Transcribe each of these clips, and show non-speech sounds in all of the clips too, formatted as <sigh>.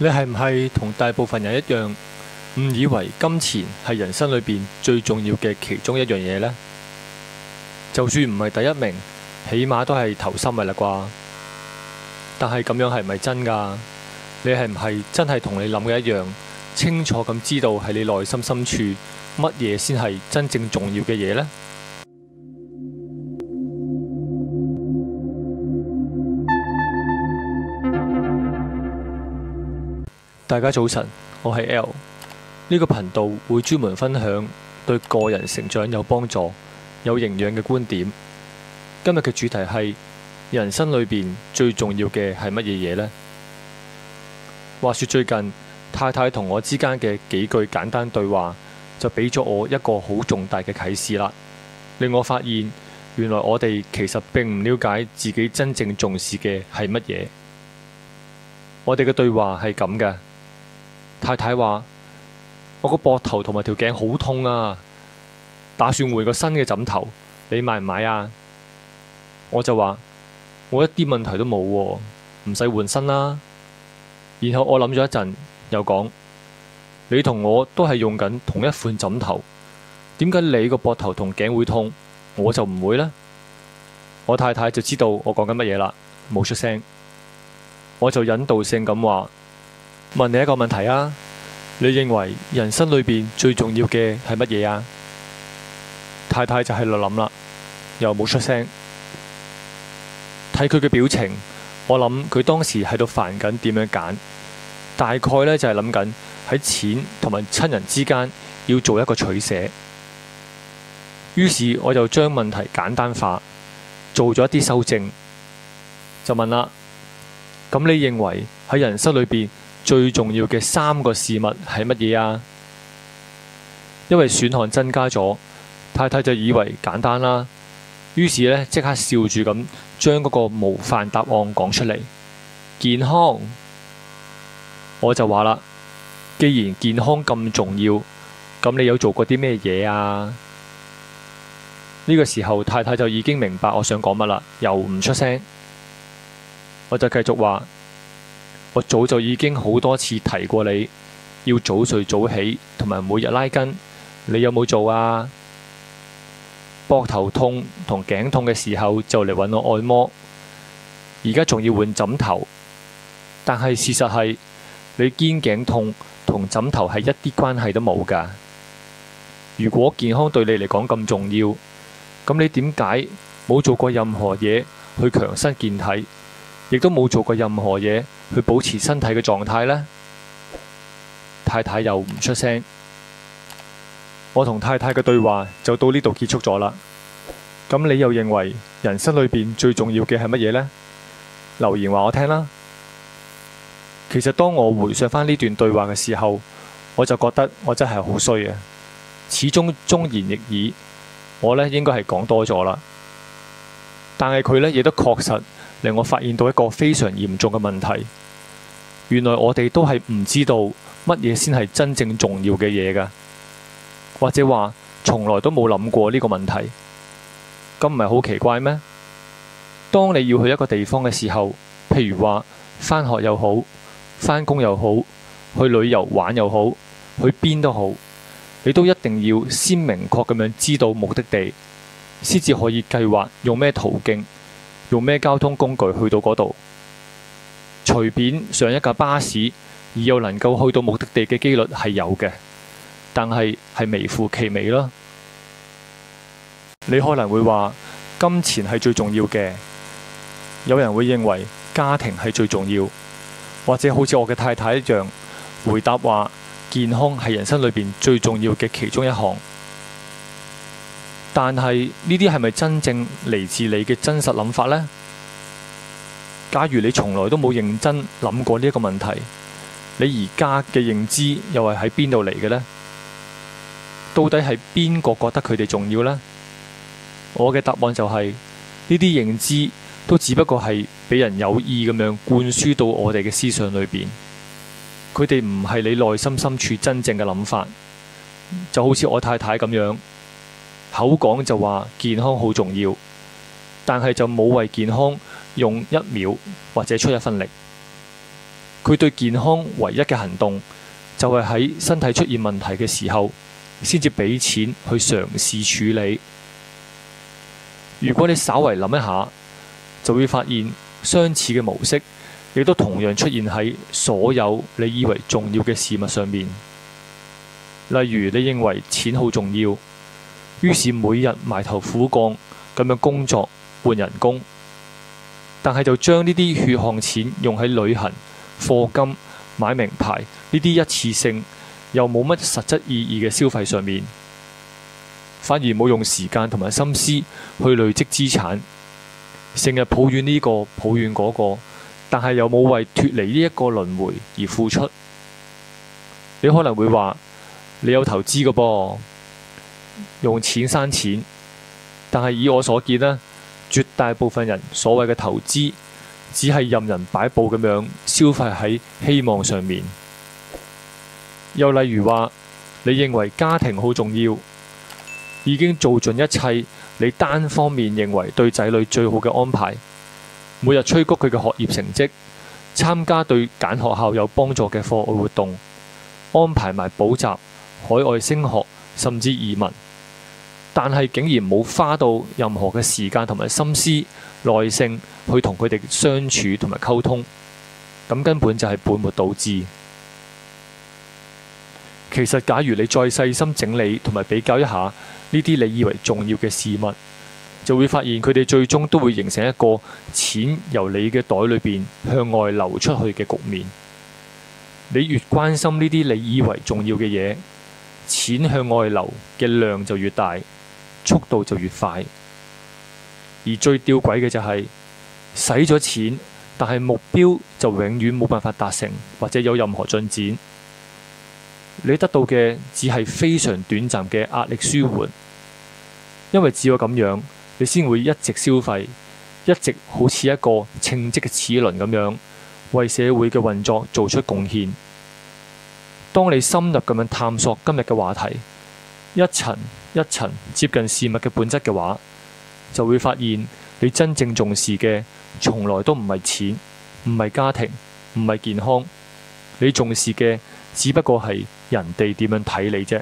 你係唔係同大部分人一樣，誤以為金錢係人生裏邊最重要嘅其中一樣嘢呢？就算唔係第一名，起碼都係頭三甲啦啩。但係咁樣係唔係真㗎？你係唔係真係同你諗嘅一樣？清楚咁知道喺你內心深處乜嘢先係真正重要嘅嘢呢？大家早晨，我係 L。呢個頻道會專門分享對個人成長有幫助、有營養嘅觀點。今日嘅主題係人生裏邊最重要嘅係乜嘢嘢呢？話說最近太太同我之間嘅幾句簡單對話，就俾咗我一個好重大嘅啟示啦，令我發現原來我哋其實並唔了解自己真正重視嘅係乜嘢。我哋嘅對話係咁嘅。太太話：我個膊頭同埋條頸好痛啊，打算換個新嘅枕頭，你買唔買啊？我就話：我一啲問題都冇喎、啊，唔使換新啦、啊。然後我諗咗一陣，又講：你同我都係用緊同一款枕頭，點解你個膊頭同頸會痛，我就唔會咧？我太太就知道我講緊乜嘢啦，冇出聲。我就引導性咁話。問你一個問題啊，你認為人生裏邊最重要嘅係乜嘢啊？太太就係度諗啦，又冇出聲。睇佢嘅表情，我諗佢當時喺度煩緊點樣揀，大概呢，就係諗緊喺錢同埋親人之間要做一個取捨。於是我就將問題簡單化，做咗一啲修正，就問啦：咁你認為喺人生裏邊，最重要嘅三個事物係乜嘢啊？因為選項增加咗，太太就以為簡單啦，於是呢，即刻笑住咁將嗰個模範答案講出嚟。健康，我就話啦，既然健康咁重要，咁你有做過啲咩嘢啊？呢個時候太太就已經明白我想講乜啦，又唔出聲，我就繼續話。我早就已經好多次提過你，要早睡早起，同埋每日拉筋。你有冇做啊？膊頭痛同頸痛嘅時候就嚟搵我按摩。而家仲要換枕頭，但係事實係你肩頸痛同枕頭係一啲關係都冇㗎。如果健康對你嚟講咁重要，咁你點解冇做過任何嘢去強身健體，亦都冇做過任何嘢？去保持身體嘅狀態呢？太太又唔出聲。我同太太嘅對話就到呢度結束咗啦。咁你又認為人生裏邊最重要嘅係乜嘢呢？留言話我聽啦。其實當我回想翻呢段對話嘅時候，我就覺得我真係好衰啊！始終忠言逆耳，我呢應該係講多咗啦。但係佢呢，亦都確實。令我發現到一個非常嚴重嘅問題，原來我哋都係唔知道乜嘢先係真正重要嘅嘢㗎，或者話從來都冇諗過呢個問題，咁唔係好奇怪咩？當你要去一個地方嘅時候，譬如話返學又好，返工又好，去旅遊玩又好，去邊都好，你都一定要先明確咁樣知道目的地，先至可以計劃用咩途徑。用咩交通工具去到嗰度？隨便上一架巴士，而又能夠去到目的地嘅幾率係有嘅，但係，係微乎其微啦。 <noise> 你可能會話金錢係最重要嘅，有人會認為家庭係最重要，或者好似我嘅太太一樣回答話健康係人生裏邊最重要嘅其中一項。但係呢啲係咪真正嚟自你嘅真實諗法呢？假如你從來都冇認真諗過呢個問題，你而家嘅認知又係喺邊度嚟嘅呢？到底係邊個覺得佢哋重要呢？我嘅答案就係呢啲認知都只不過係俾人有意咁樣灌輸到我哋嘅思想裏邊，佢哋唔係你內心深處真正嘅諗法，就好似我太太咁樣。口講就話健康好重要，但係就冇為健康用一秒或者出一分力。佢對健康唯一嘅行動，就係喺身體出現問題嘅時候，先至俾錢去嘗試處理。如果你稍為諗一下，就會發現相似嘅模式，亦都同樣出現喺所有你以為重要嘅事物上面。例如你認為錢好重要。於是每日埋頭苦幹，咁樣工作換人工，但係就將呢啲血汗錢用喺旅行、課金、買名牌呢啲一次性又冇乜實質意義嘅消費上面，反而冇用時間同埋心思去累積資產，成日抱怨呢個抱怨嗰個，但係又冇為脫離呢一個輪迴而付出。你可能會話你有投資嘅噃。用錢生錢，但係以我所見呢，絕大部分人所謂嘅投資，只係任人擺布咁樣消費喺希望上面。又例如話，你認為家庭好重要，已經做盡一切，你單方面認為對仔女最好嘅安排，每日催谷佢嘅學業成績，參加對揀學校有幫助嘅課外活動，安排埋補習、海外升學，甚至移民。但係竟然冇花到任何嘅時間同埋心思、耐性去同佢哋相處同埋溝通，咁根本就係本末倒置。其實假如你再細心整理同埋比較一下呢啲你以為重要嘅事物，就會發現佢哋最終都會形成一個錢由你嘅袋裏邊向外流出去嘅局面。你越關心呢啲你以為重要嘅嘢，錢向外流嘅量就越大。速度就越快，而最吊詭嘅就係使咗錢，但係目標就永遠冇辦法達成，或者有任何進展。你得到嘅只係非常短暫嘅壓力舒緩，因為只有咁樣，你先會一直消費，一直好似一個稱職嘅齒輪，咁樣為社會嘅運作做出貢獻。當你深入咁樣探索今日嘅話題，一層，一層接近事物嘅本質嘅話，就會發現你真正重視嘅，從來都唔係錢，唔係家庭，唔係健康。你重視嘅，只不過係人哋點樣睇你啫。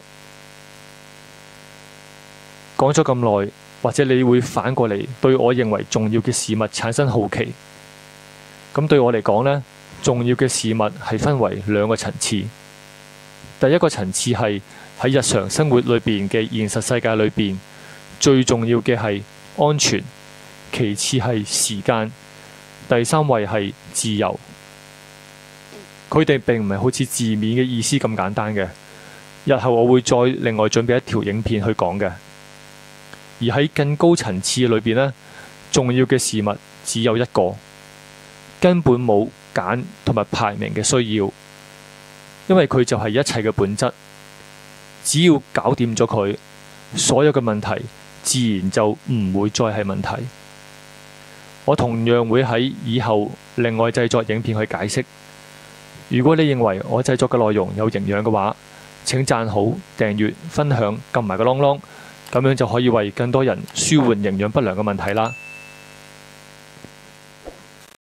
講咗咁耐，或者你會反過嚟對我認為重要嘅事物產生好奇。咁對我嚟講呢，重要嘅事物係分為兩個層次。第一個層次係。喺日常生活裏邊嘅現實世界裏邊，最重要嘅係安全，其次係時間，第三位係自由。佢哋並唔係好似字面嘅意思咁簡單嘅。日後我會再另外準備一條影片去講嘅。而喺更高層次裏邊呢，重要嘅事物只有一個，根本冇揀同埋排名嘅需要，因為佢就係一切嘅本質。只要搞掂咗佢，所有嘅問題自然就唔會再係問題。我同樣會喺以後另外製作影片去解釋。如果你認為我製作嘅內容有營養嘅話，請讚好、訂閱、分享、撳埋個啷啷，咁樣就可以為更多人舒緩營養不良嘅問題啦。